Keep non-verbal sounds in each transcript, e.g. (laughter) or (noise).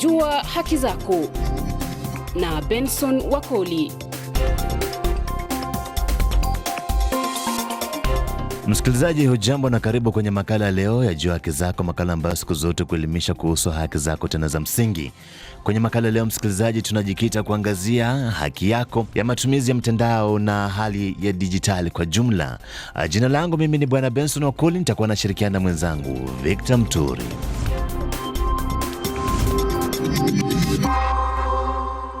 Jua haki zako na Benson Wakoli. Msikilizaji, hujambo na karibu kwenye makala leo ya Jua Haki Zako, makala ambayo siku zote kuelimisha kuhusu haki zako tena za msingi. Kwenye makala leo, msikilizaji, tunajikita kuangazia haki yako ya matumizi ya mtandao na hali ya dijitali kwa jumla. Ah, jina langu mimi ni Bwana Benson Wakuli, nitakuwa nashirikiana na mwenzangu Victor Mturi.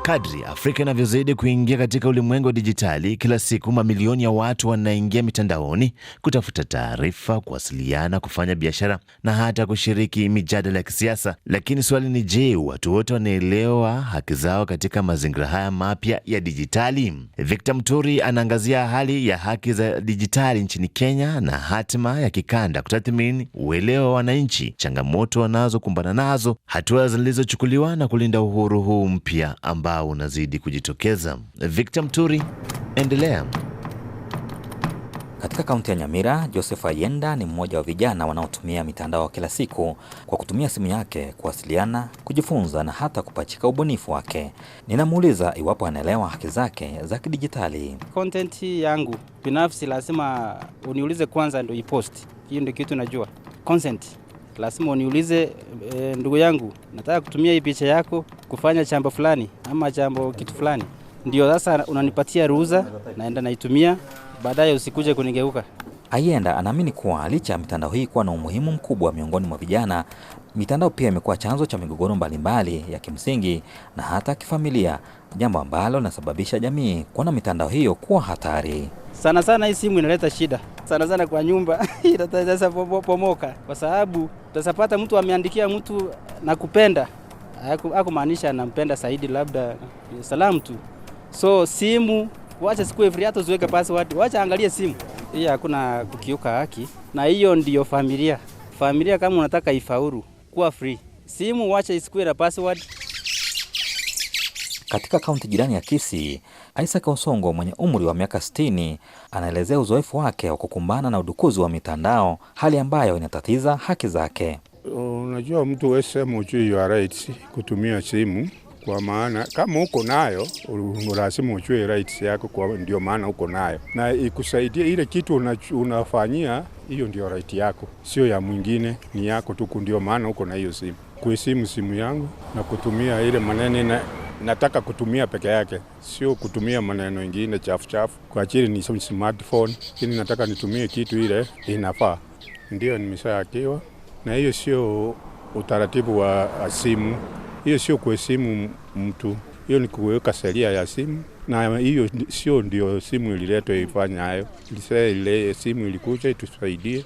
Kadri Afrika inavyozidi kuingia katika ulimwengu wa dijitali, kila siku mamilioni ya watu wanaingia mitandaoni kutafuta taarifa, kuwasiliana, kufanya biashara na hata kushiriki mijadala ya kisiasa. Lakini swali ni je, watu wote wanaelewa haki zao katika mazingira haya mapya ya dijitali? Victor Mturi anaangazia hali ya haki za dijitali nchini Kenya na hatima ya kikanda, kutathmini uelewa wa wananchi, changamoto wanazokumbana nazo, hatua zilizochukuliwa na kulinda uhuru huu mpya ambao ambao unazidi kujitokeza. Victor Mturi, endelea. Katika kaunti ya Nyamira, Joseph Ayenda ni mmoja wa vijana wanaotumia mitandao kila siku kwa kutumia simu yake kuwasiliana, kujifunza na hata kupachika ubunifu wake. Ninamuuliza iwapo anaelewa haki zake za kidijitali. Content yangu binafsi lazima uniulize kwanza ndio iposti. Hiyo ndio kitu najua. Consent lazima uniulize e, ndugu yangu, nataka kutumia hii picha yako kufanya chambo fulani ama chambo kitu fulani, ndio sasa unanipatia ruhusa, naenda naitumia, baadaye usikuje kunigeuka. Ayenda anaamini kuwa licha ya mitandao hii kuwa na umuhimu mkubwa miongoni mwa vijana, mitandao pia imekuwa chanzo cha migogoro mbalimbali ya kimsingi na hata kifamilia, jambo ambalo linasababisha jamii kuona mitandao hiyo kuwa hatari. Sana sana hii simu inaleta shida sana sana kwa nyumba (laughs) itaweza pomoka, kwa sababu utasapata mtu ameandikia mtu nakupenda, hakumaanisha anampenda zaidi, labda salamu tu. So simu wacha siku every hata uziweke password, wacha angalie simu hii. Hakuna kukiuka haki, na hiyo ndiyo familia. Familia kama unataka ifauru kuwa free. Simu wacha isikue na password. Katika kaunti jirani ya Kisii, Isaac Osongo mwenye umri wa miaka 60 anaelezea uzoefu wake wa kukumbana na udukuzi wa mitandao, hali ambayo inatatiza haki zake. Unajua, mtu wesema ujui you rights kutumia simu, kwa maana kama uko nayo lazima ujue rights yako, kwa ndio maana uko nayo na ikusaidia ile kitu unafanyia hiyo ndio right yako, sio ya mwingine, ni yako tu, ndio maana uko na hiyo simu. kuisimu simu yangu na kutumia ile maneno na nataka kutumia peke yake, sio kutumia maneno ingine chafu chafu. Kwa ajili ni smartphone, lakini nataka nitumie kitu ile inafaa. Ndio nimeshaakiwa, na hiyo sio utaratibu wa simu, hiyo sio kuheshimu mtu, hiyo ni kuweka sheria ya simu na hiyo sio ndio simu ililetwa ifanya hayo. Ile simu ilikuja itusaidie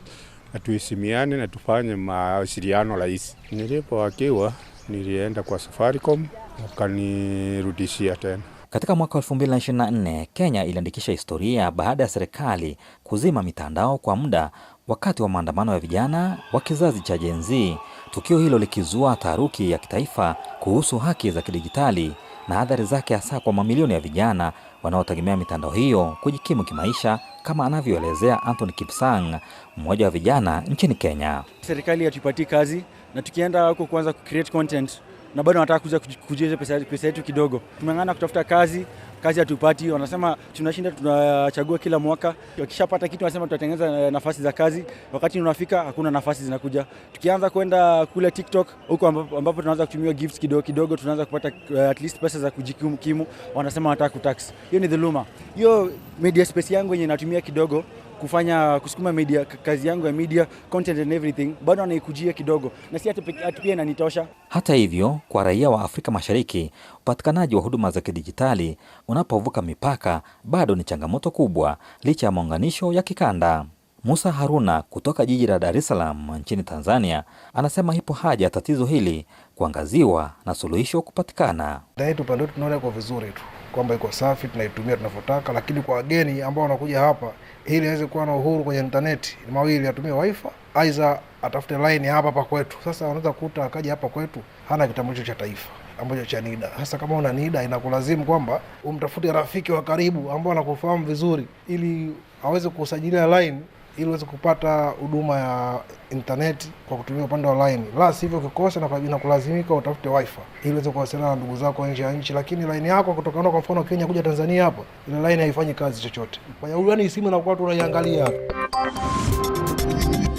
na tuheshimiane na tufanye mawasiliano rahisi. Nilipoakiwa nilienda kwa Safaricom wakanirudishia tena. Katika mwaka 2024 Kenya iliandikisha historia baada ya serikali kuzima mitandao kwa muda wakati wa maandamano ya vijana wa kizazi cha Gen Z, tukio hilo likizua taharuki ya kitaifa kuhusu haki za kidijitali na athari zake hasa kwa mamilioni ya vijana wanaotegemea mitandao hiyo kujikimu kimaisha, kama anavyoelezea Anthony Kipsang, mmoja wa vijana nchini Kenya. Serikali hatupatii kazi, na tukienda huko kuanza kucreate content na bado wanataka kuja kujiweza pesa, pesa yetu kidogo. Tumeng'ana kutafuta kazi, kazi hatupati. Wanasema tunashinda tunachagua kila mwaka, wakishapata kitu wanasema tutatengeneza eh, nafasi za kazi, wakati unafika hakuna nafasi zinakuja. Tukianza kwenda kule TikTok huko ambapo, ambapo tunaanza kutumia gifts kidogo kidogo, tunaanza kupata uh, at least pesa za kujikimu, wanasema wanataka kutax. Hiyo ni dhuluma. Hiyo media space yangu yenye natumia kidogo kufanya kusukuma media kazi yangu ya media content and everything, bado anaikujia kidogo, na si hata pia inanitosha. Hata hivyo, kwa raia wa Afrika Mashariki, upatikanaji wa huduma za kidijitali unapovuka mipaka bado ni changamoto kubwa licha ya maunganisho ya kikanda. Musa Haruna kutoka jiji la Dar es Salaam nchini Tanzania anasema ipo haja tatizo hili kuangaziwa na suluhisho kupatikana. Yetu upande wetu tunaona iko vizuri tu, kwamba iko safi, tunaitumia tunavyotaka, lakini kwa wageni ambao wanakuja hapa ili aweze kuwa na uhuru kwenye intaneti mawili, atumie wifi aidha atafute line hapa hapa kwetu. Sasa unaweza kukuta akaja hapa kwetu hana kitambulisho cha taifa ambacho cha NIDA. Sasa kama una NIDA inakulazimu kwamba umtafute rafiki wa karibu ambao anakufahamu vizuri, ili aweze kusajilia line ili uweze kupata huduma ya intaneti kwa kutumia upande wa laini la sivyo ukikosa na kulazimika utafute wifi ili uweze kuwasiliana na ndugu zako nje ya nchi. Lakini laini yako kutoka kwa mfano Kenya kuja Tanzania, hapa ile laini haifanyi kazi chochote. Kwa hiyo yani simu inakuwa tu unaiangalia.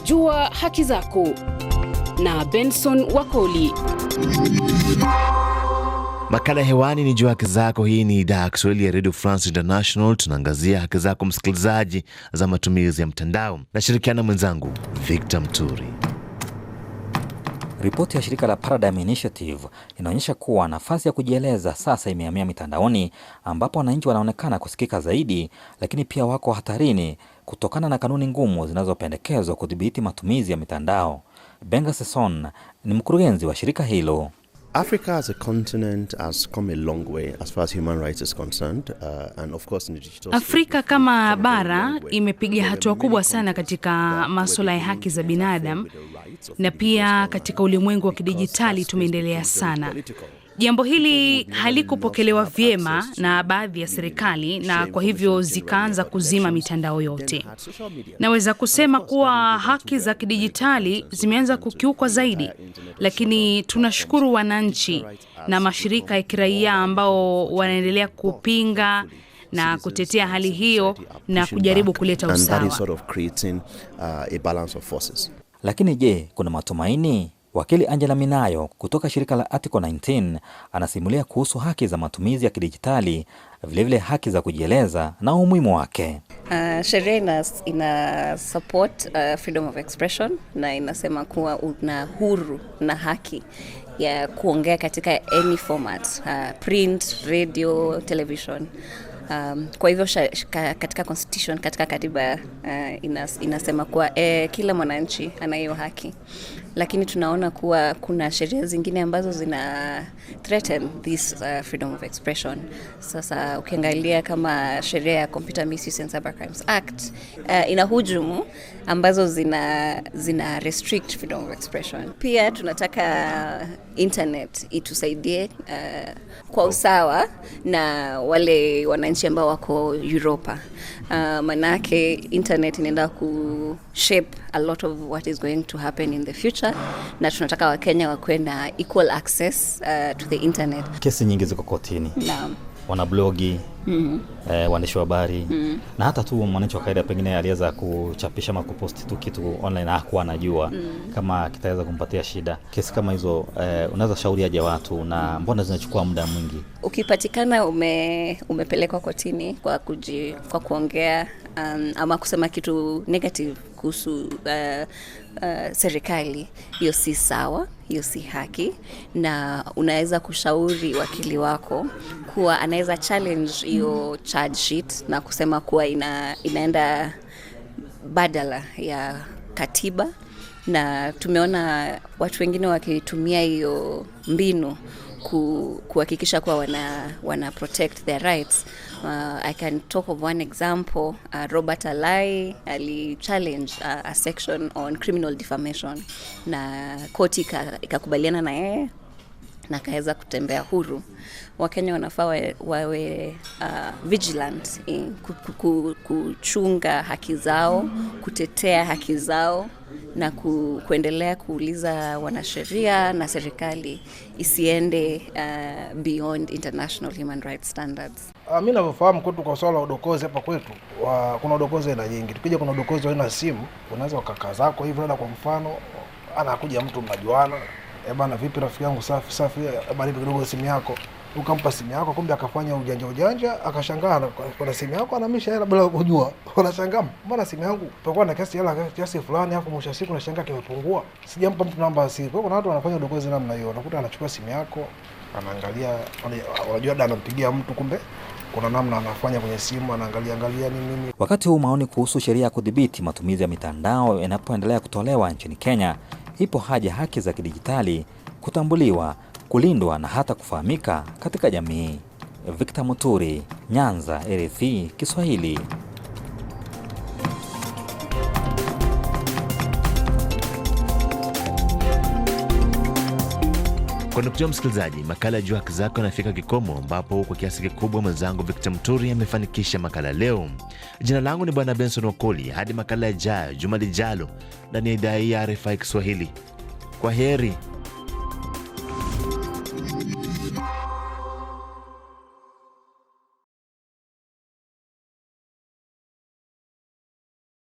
Jua haki zako na Benson Wakoli. Makala hewani ni juu haki zako. Hii ni idhaa ya Kiswahili ya Radio France International. Tunaangazia haki zako msikilizaji za matumizi ya mtandao. Nashirikiana mwenzangu Victor Mturi. Ripoti ya shirika la Paradigm Initiative inaonyesha kuwa nafasi ya kujieleza sasa imehamia mitandaoni, ambapo wananchi wanaonekana kusikika zaidi, lakini pia wako hatarini kutokana na kanuni ngumu zinazopendekezwa kudhibiti matumizi ya mitandao. Benga Seson ni mkurugenzi wa shirika hilo. Africa as a continent has come a long way as far as human rights is concerned, uh, and of course in the digital Africa kama bara imepiga hatua kubwa sana katika masuala ya haki za binadamu na pia katika ulimwengu wa kidijitali tumeendelea sana. Jambo hili halikupokelewa vyema na baadhi ya serikali, na kwa hivyo zikaanza kuzima mitandao yote. Naweza kusema kuwa haki za kidijitali zimeanza kukiukwa zaidi, lakini tunashukuru wananchi na mashirika ya kiraia ambao wanaendelea kupinga na kutetea hali hiyo na kujaribu kuleta usawa. Lakini je, kuna matumaini? Wakili Angela Minayo kutoka shirika la Article 19 anasimulia kuhusu haki za matumizi ya kidijitali, vilevile haki za kujieleza na umuhimu wake. Uh, sheria ina support uh, freedom of expression na inasema kuwa una huru na haki ya kuongea katika any format, uh, print, radio, television Um, kwa hivyo katika constitution, katika katiba uh, inas, inasema kuwa eh, kila mwananchi anayo haki, lakini tunaona kuwa kuna sheria zingine ambazo zina threaten this uh, freedom of expression. Sasa ukiangalia kama sheria ya Computer Misuse and Cyber Crimes Act uh, ina hujumu ambazo zina, zina restrict freedom of expression. Pia tunataka internet itusaidie uh, kwa usawa na wale wana wananchi ambao wako Europa. Uh, manake internet inaenda ku shape a lot of what is going to happen in the future, na tunataka Wakenya wakwenda na equal access uh, to the internet. Kesi nyingi ziko kotini. Naam wanablogi mm -hmm. e, waandishi wa habari mm -hmm. na hata tu mwananchi wa kawaida pengine aliweza kuchapisha ama kuposti tu kitu online hakuwa anajua mm -hmm. kama kitaweza kumpatia shida. Kesi kama hizo e, unaweza shauriaje watu na mbona zinachukua muda mwingi? Ukipatikana ume, umepelekwa kotini kwa, kuji, kwa kuongea um, ama kusema kitu negative kuhusu uh, uh, serikali, hiyo si sawa, hiyo si haki, na unaweza kushauri wakili wako kuwa anaweza challenge hiyo charge sheet na kusema kuwa ina, inaenda badala ya katiba na tumeona watu wengine wakitumia hiyo mbinu kuhakikisha kuwa wana, wana protect their rights. Uh, I can talk of one example. Uh, Robert Alai alichallenge uh, a section on criminal defamation na koti ikakubaliana na yeye na kaweza kutembea huru. Wakenya wanafaa wawe, wawe uh, vigilant kuchunga haki zao, kutetea haki zao na ku, kuendelea kuuliza wanasheria na serikali isiende uh, beyond international human rights standards. Uh, mi navyofahamu kwetu kwa swala la udokozi hapa kwetu wa, kuna udokozi aina nyingi. Tukija kuna udokozi waina simu, unaweza wakakaa zako hivyo, ada kwa mfano anakuja mtu mnajuana eh bana, vipi rafiki yangu, safi safi, eh, baridi kidogo simu yako. Ukampa simu yako, kumbe akafanya ujanja ujanja, akashangaa kuna simu yako anamisha hela bila kujua. (laughs) Unashangaa mbona simu yangu pakuwa na kiasi hela kiasi fulani, afu mwisho siku unashangaa kimepungua, sijampa mtu namba ya siri. Kwa kuna watu wanafanya udokozi namna hiyo, unakuta anachukua simu yako, anaangalia, unajua dada anampigia mtu, kumbe kuna namna anafanya kwenye simu anaangalia angalia ni nini. Wakati huu maoni kuhusu sheria ya kudhibiti matumizi ya mitandao yanapoendelea kutolewa nchini Kenya ipo haja haki za kidijitali kutambuliwa, kulindwa na hata kufahamika katika jamii. Victor Muturi, Nyanza, RFI Kiswahili. Kwa nukutio msikilizaji, makala ya Jua Haki Zako yanafika kikomo, ambapo kwa kiasi kikubwa mwenzangu Victor Mturi amefanikisha makala leo. Jina langu ni Bwana Benson Wakoli. Hadi makala yajayo juma lijalo ndani ya idhaa hii ya RFI Kiswahili, kwa heri.